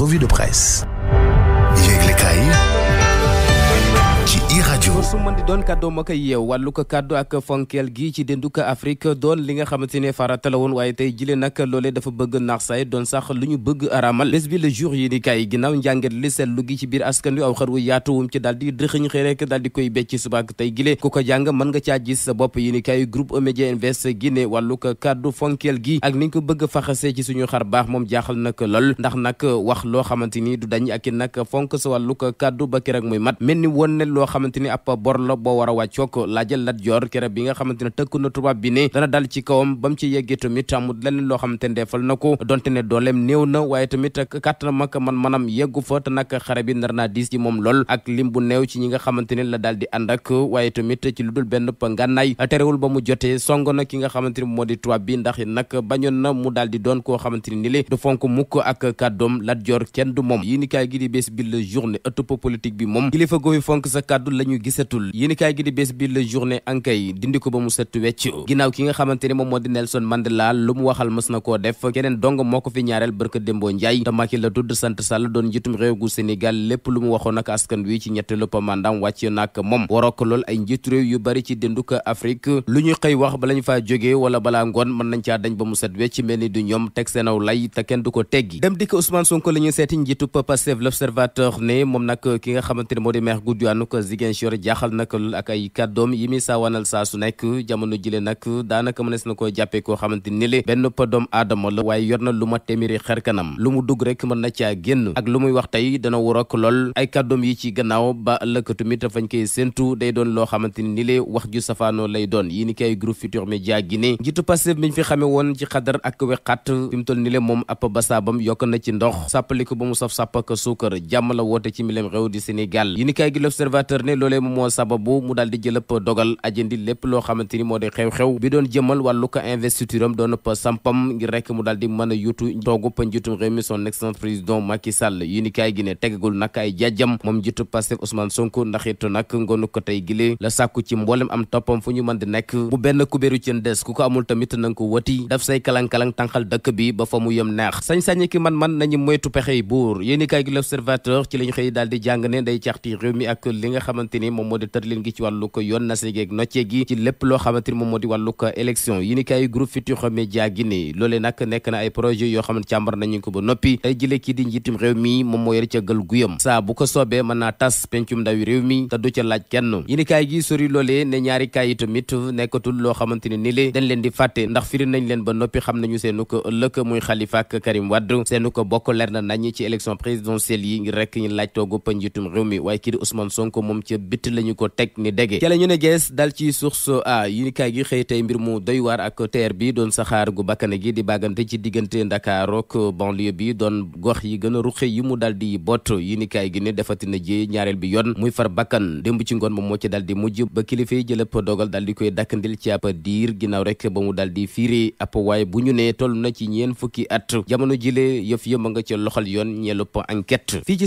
Revue de presse. yéeglekaay yi Diop su mën di doon kàddoo ma ak fonkeel gi ci dénduka Afrique doon li nga xamante ne farata woon waaye tey jile nag loolee dafa bëgg naax saay doon sax lu ñu bëgg araamal bés bi le jour yi ni kaay ginnaaw njànget li seetlu gi ci biir askan wi aw xar wu yaatu wum ci daal di dëxëñ xëy rek daal di koy becc subaak tey gile ku ko jàng mën nga caa gis sa bopp yi ni kaay groupe Emedia Invest ne wallu ko kàddu fonkeel gi ak ni ñu ko bëgg faxasee ci suñu xar baax moom jaaxal nag lool ndax nag wax loo xamante ni du dañ ak nag fonk sa wàllu ko kàddu ba keroog ab bor la boo war a wàccook laajal Lat Joor kere bi nga xamante ne tëkk na bi ne dana dal ci kawam ba mu ci yeggee tamit amul leneen loo xamante ne defal na ko donte ne dooleem na waaye tamit bi nar naa diis ci moom lool ak lim bu néew ci ñi nga xamante ne la daal di ànd waaye tamit ci lu dul benn pa ngànnaay terewul ba mu jotee song na ki nga xamante ne moo di tubaab bi ndax nag bañoon na mu daal di doon koo xamante ne ni li du fonk mukk ak kaddoom Lat Joor kenn du moom yéenekaay gi di bés bi la journée ëttub politique bi moom kilifa googu fonk sa kàddu gisatul yéenekaay gi di bés la journée ankay dindi ko ba mu set wecc ginnaaw ki nga xamante moom moo di Nelson Mandela lu mu waxal mës na def keneen dong moo ko fi ñaareel barka Dembo Ndiaye te la tudd sant Sall doon njiitum réew gu Sénégal lépp lu mu waxoon ak askan wi ci ñetteelu mandaam wàcc nak moom warook lool ay njiitu réew yu bari ci dénduk Afrique lu ñu xëy wax bala ñu faa jógee wala balaa ngoon mën nañ caa dañ ba mu set wecc mel ni du ñoom teg seenaw lay te kenn du Sior jaaxal nag ak ay kàddoom yi muy saawanal saa su nekk jile nag daanaka mënees na koo jàppee koo xamante ni benn pa doom la waaye yor lu ma téeméeri xer kanam lu mu dugg rek mën na caa génn ak lu muy wax tey dana wurok lool ay kàddoom yi ci gannaaw ba ëllëg tamit fañ koy séentu day doon loo xamante ni le wax ju safaanoo lay doon yi ni kay groupe Futurs Médias gi ne njiitu Pastef biñ fi xamee woon ci xadar ak wexat fi mu toll ni ba mu saf sàpp loolee moo sababu mu daal di jëlëpp dogal ajandi lépp loo xamante ni moo di xew-xew bi doon jëmal wàllu ko investiture am doon sampam ngir rek mu daal di mën a yutu toogu pa ay jajjam moom njiitu Pastef Ousmane Sonko ndax it nag tey gile la sàkku ci mboolem am toppam fu ñu mën di nekk bu benn kubéeru cën des ku ko amul tamit na ko wati daf say kalang-kalang tànqal dëkk bi ba fa mu yem neex sañ-sañi ki man-man nañu moytu pexey buur yéen i kaay gi l'observateur ci la ñu xëy daal di ni moom moo di tëralin gi ci wàllu ko yoon nas ak ci lépp loo xamante moom moo di wàllu ko élection yi ni groupe Futurs Médias projet yoo xam ne càmbar nañu ko ba noppi tey jëlee kii di njiitum réew mi moom moo yore ca gël guyam saa bu ko soobee mën naa tas pencum ndawi réew mi te du ca laaj kenn yi ni kaay gi sori loolee ne ñaari kaay yi tamit nekkatul loo xamante ni ni le dañ leen di fàtte ndax firi nañ leen ba noppi xam nañu seenu ko ëllëg muy Khalifa ak Karim Wade seenu ko bokk leer na nañ ci élection présidentielle yi ngir rek ñu laaj toogu biti lañu ko teg ni dege ca la ñu ne gees dal ci source a yunikaay gi xëy tey mbir mu doy waar ak teer bi doon saxaar gu bakkane gi di bàggante ci diggante Dakar ak banlieue bi doon gox yi gën a ruxe yi mu dal di bot yunikaay gi ne defati na jee ñaareel bi yoon muy far bakkan démb ci ngoon moom moo ci dal di mujj ba kilifa yi jëlëp dogal dal di koy dakkandil ci ab diir ginnaaw rek ba mu dal di fiire ab waaye bu ñu ne toll na ci ñeen fukki at jamono jile yëf yëpp a nga ci loxol yoon ñeelup enquête fii ci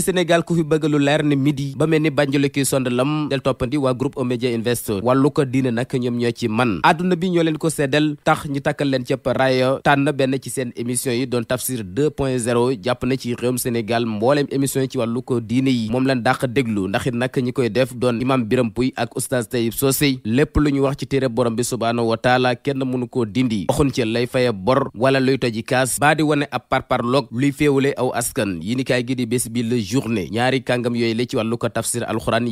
ñoom del toppandi waa groupe Omedia Invest wàllu ko diine nag ñoom ñoo ci man àdduna bi ñoo leen ko seddal tax ñu takkal leen cëpp raaya tànn benn ci seen émission yi doon tafsir 2.0 jàpp na ci réewum Sénégal mbooleem émission yi ci wàllu diine yi moom lañ dàq déglu ndax it ñi koy def doon imam Biram ak oustaz Tayib Sosé lépp lu ñu wax ci téere borom bi subhaanahu wa taala kenn mënu koo waxun ci lay faye bor wala luy toji kaas di wane la journée ñaari kàngam yooyu la ci wàllu ko tafsir alxuraan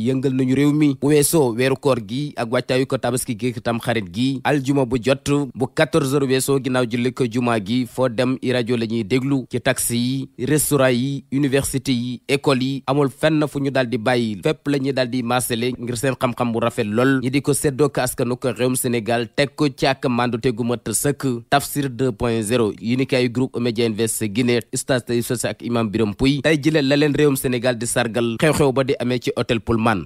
réew mi bu weesoo weeru koor gi ak wàccaayu ko tabaski ki tam xarit gi al juma bu jot bu 14 heures weesoo ginnaaw julli ko juma gi foo dem i rajo la ñuy déglu ci taxi yi restaurant yi université yi école yi amul fenna fu ñu daal di bàyyi fépp la ñuy daal di maasale ngir seen xam-xam bu rafet lool ñi di ko séddoo ko askanu ko réewum Sénégal teg ko ci ak mandute gu mat sëkk tafsir 2.0 yi ni kay groupe Média Invest Guinée stage tey sosi ak imam Biram Pouy tey jëlee la leen réewum Sénégal di sargal xew ba di amee ci hôtel Pullman